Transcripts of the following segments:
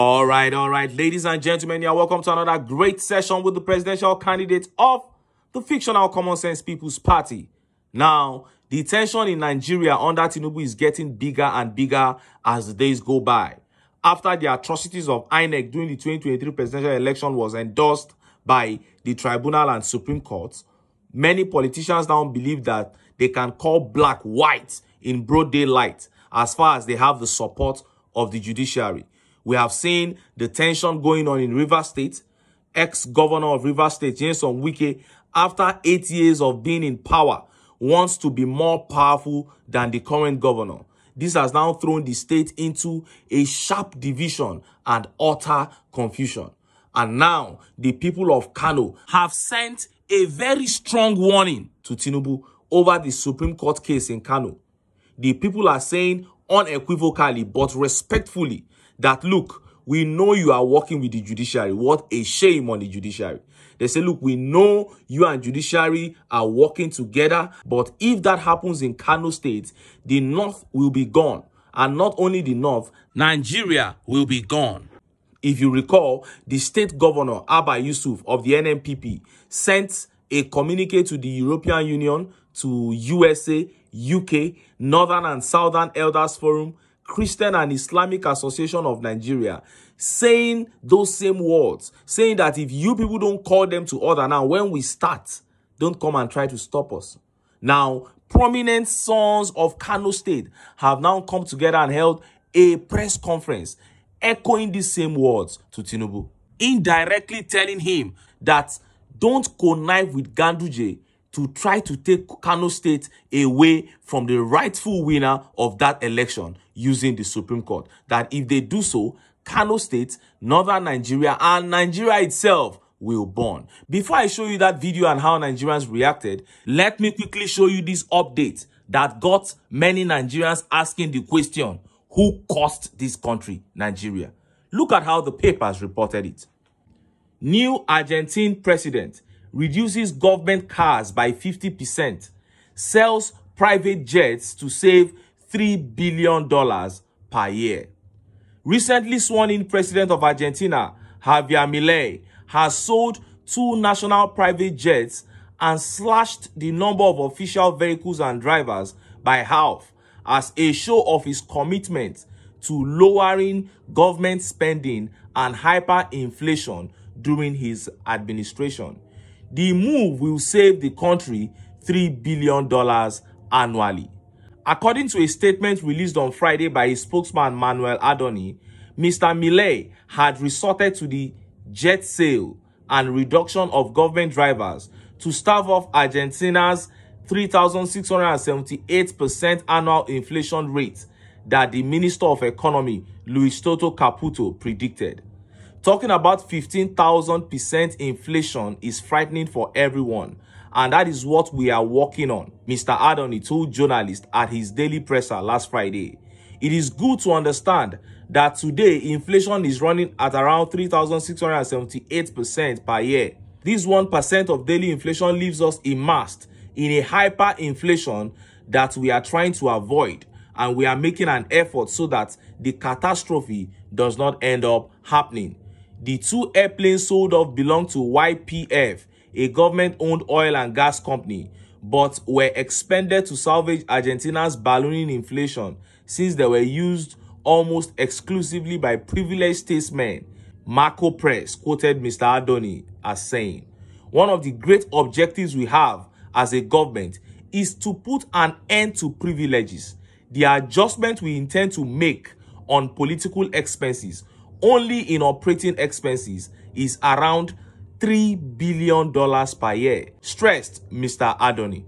All right, all right, ladies and gentlemen, you're welcome to another great session with the presidential candidate of the fictional Common Sense People's Party. Now, the tension in Nigeria under Tinubu is getting bigger and bigger as the days go by. After the atrocities of INEC during the 2023 presidential election was endorsed by the tribunal and Supreme Court, many politicians now believe that they can call black white in broad daylight as far as they have the support of the judiciary. We have seen the tension going on in River State. Ex-governor of River State, Jason Wike, after eight years of being in power, wants to be more powerful than the current governor. This has now thrown the state into a sharp division and utter confusion. And now, the people of Kano have sent a very strong warning to Tinubu over the Supreme Court case in Kano. The people are saying unequivocally but respectfully that, look, we know you are working with the judiciary. What a shame on the judiciary. They say, look, we know you and judiciary are working together, but if that happens in Kano State, the North will be gone. And not only the North, Nigeria will be gone. If you recall, the state governor, Abba Yusuf of the NMPP, sent a communique to the European Union, to USA, UK, Northern and Southern Elders Forum, Christian and Islamic Association of Nigeria saying those same words, saying that if you people don't call them to order now, when we start, don't come and try to stop us. Now, prominent sons of Kano State have now come together and held a press conference echoing these same words to Tinubu, indirectly telling him that don't connive with Ganduje to try to take Kano State away from the rightful winner of that election using the Supreme Court. That if they do so, Kano State, Northern Nigeria, and Nigeria itself will burn. Before I show you that video and how Nigerians reacted, let me quickly show you this update that got many Nigerians asking the question, who cost this country, Nigeria? Look at how the papers reported it. New Argentine president reduces government cars by 50%, sells private jets to save $3 billion per year. Recently sworn-in president of Argentina, Javier Milei, has sold two national private jets and slashed the number of official vehicles and drivers by half as a show of his commitment to lowering government spending and hyperinflation during his administration. The move will save the country $3 billion annually. According to a statement released on Friday by his spokesman Manuel Adoni, Mr. Millet had resorted to the jet sale and reduction of government drivers to starve off Argentina's 3,678% annual inflation rate that the Minister of Economy, Luis Toto Caputo, predicted. Talking about 15,000% inflation is frightening for everyone. And that is what we are working on, Mr. Adoni told journalists at his daily presser last Friday. It is good to understand that today inflation is running at around 3,678% per year. This 1% of daily inflation leaves us immersed in a hyperinflation that we are trying to avoid and we are making an effort so that the catastrophe does not end up happening. The two airplanes sold off belonged to YPF, a government-owned oil and gas company, but were expended to salvage Argentina's ballooning inflation since they were used almost exclusively by privileged statesmen. Marco Press quoted Mr. Adoni as saying, One of the great objectives we have as a government is to put an end to privileges. The adjustment we intend to make on political expenses only in operating expenses is around $3 billion per year, stressed Mr. Adoni.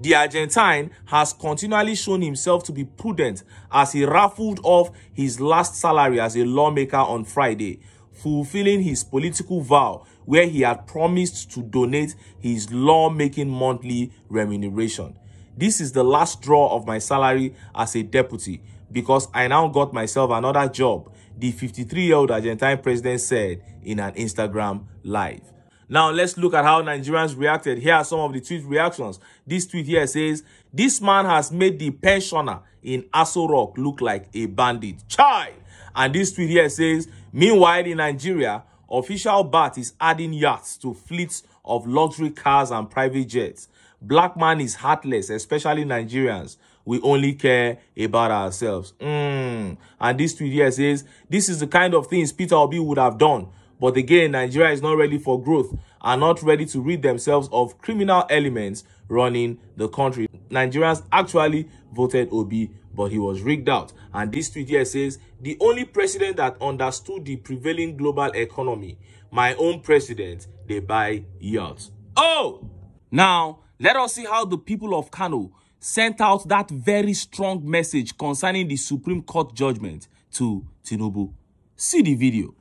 The Argentine has continually shown himself to be prudent as he raffled off his last salary as a lawmaker on Friday, fulfilling his political vow where he had promised to donate his lawmaking monthly remuneration. This is the last draw of my salary as a deputy because I now got myself another job the 53-year-old Argentine president said in an Instagram live. Now let's look at how Nigerians reacted. Here are some of the tweet reactions. This tweet here says, this man has made the pensioner in Aso Rock look like a bandit. Chai! And this tweet here says, meanwhile in Nigeria, official BAT is adding yachts to fleets of luxury cars and private jets. Black man is heartless, especially Nigerians. We only care about ourselves. Mm. And this tweet here says, this is the kind of things Peter Obi would have done. But again, Nigeria is not ready for growth and not ready to rid themselves of criminal elements running the country. Nigerians actually voted Obi, but he was rigged out. And this tweet here says, the only president that understood the prevailing global economy, my own president, they buy yachts. Oh! Now, let us see how the people of Kano sent out that very strong message concerning the Supreme Court judgment to Tinubu. See the video.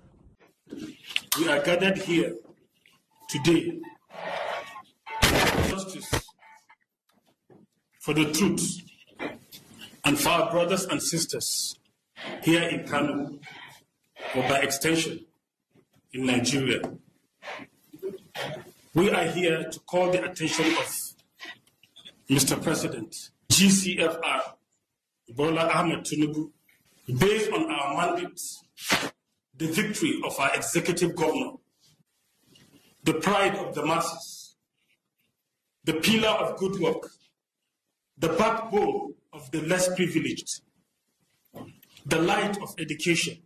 We are gathered here today justice for the truth and for our brothers and sisters here in Kano or by extension in Nigeria. We are here to call the attention of Mr. President, GCFR, Bola Ahmed Tinubu, based on our mandate, the victory of our executive governor, the pride of the masses, the pillar of good work, the backbone of the less privileged, the light of education,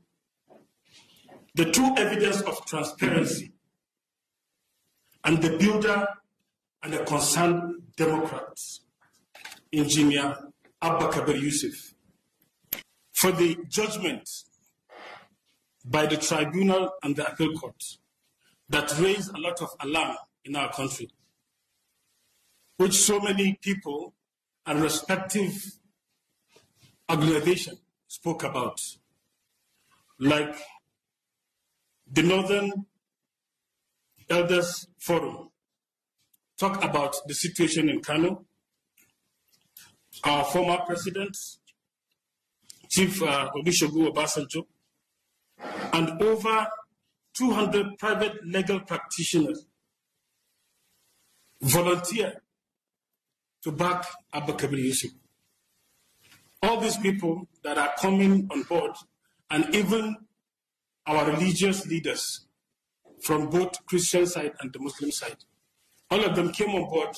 the true evidence of transparency, and the builder and the concern Democrats, Engineer Abba Kabir Yusuf, for the judgment by the tribunal and the appeal court that raised a lot of alarm in our country, which so many people and respective organizations spoke about, like the Northern Elders Forum, talk about the situation in Kano, our former president, Chief uh, Ogishogu Obasanjo, and over 200 private legal practitioners volunteer to back Abakabir Yusuf. All these people that are coming on board, and even our religious leaders from both Christian side and the Muslim side all of them came on board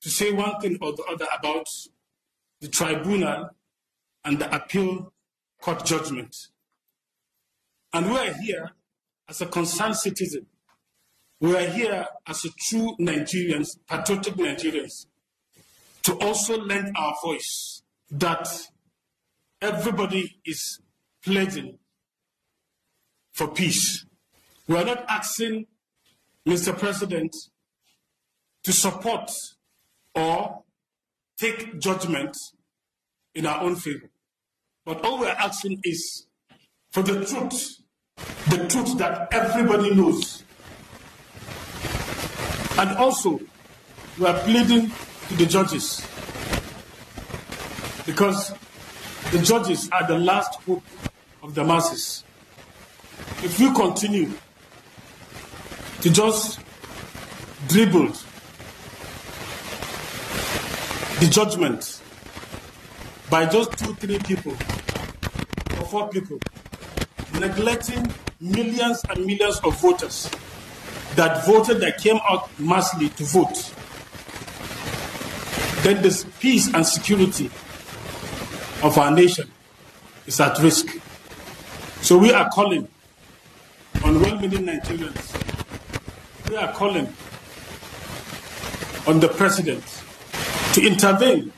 to say one thing or the other about the tribunal and the appeal court judgment. And we are here as a concerned citizen. We are here as a true Nigerians, patriotic Nigerians, to also lend our voice that everybody is pledging for peace. We are not asking, Mr. President, to support or take judgment in our own favor. But all we're asking is for the truth, the truth that everybody knows. And also, we're pleading to the judges because the judges are the last hope of the masses. If we continue to just dribble the judgment by just two, three people or four people neglecting millions and millions of voters that voted, that came out massively to vote. Then the peace and security of our nation is at risk. So we are calling on well meaning Nigerians. We are calling on the president to intervene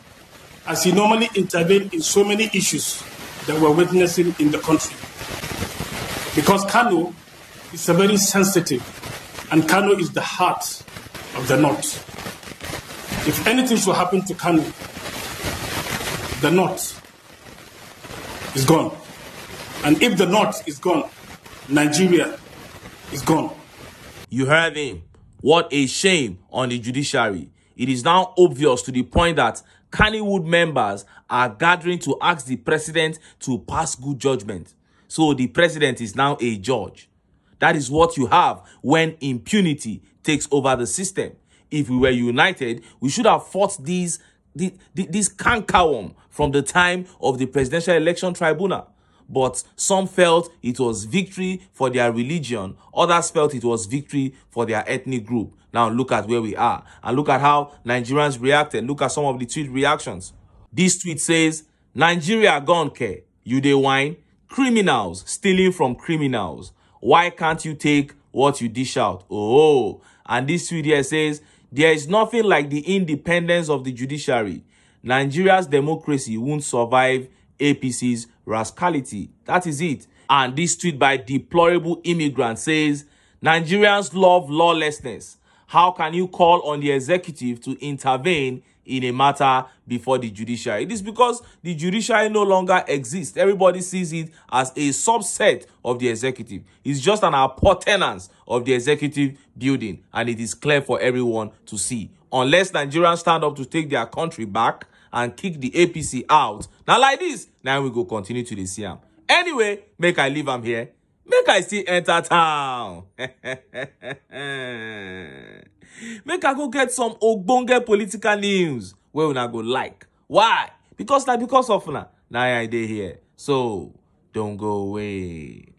as he normally intervened in so many issues that we're witnessing in the country. Because Kano is a very sensitive, and Kano is the heart of the North. If anything should happen to Kano, the North is gone. And if the North is gone, Nigeria is gone. You heard him. What a shame on the judiciary. It is now obvious to the point that Kannywood members are gathering to ask the president to pass good judgment. So the president is now a judge. That is what you have when impunity takes over the system. If we were united, we should have fought these, this, this cankerworm from the time of the presidential election tribunal but some felt it was victory for their religion, others felt it was victory for their ethnic group. Now look at where we are and look at how Nigerians reacted. Look at some of the tweet reactions. This tweet says, Nigeria gone care, you they whine, criminals stealing from criminals. Why can't you take what you dish out? Oh, and this tweet here says, there is nothing like the independence of the judiciary. Nigeria's democracy won't survive APC's rascality. That is it. And this tweet by Deplorable Immigrant says, Nigerians love lawlessness. How can you call on the executive to intervene in a matter before the judiciary. It is because the judiciary no longer exists. Everybody sees it as a subset of the executive. It's just an appurtenance of the executive building and it is clear for everyone to see. Unless Nigerians stand up to take their country back, and kick the apc out now. like this, now we go continue to the CM. anyway make i leave am here make i still enter town make i go get some ogbonge political news Where wey una go like why because na because of una Now i dey here so don't go away.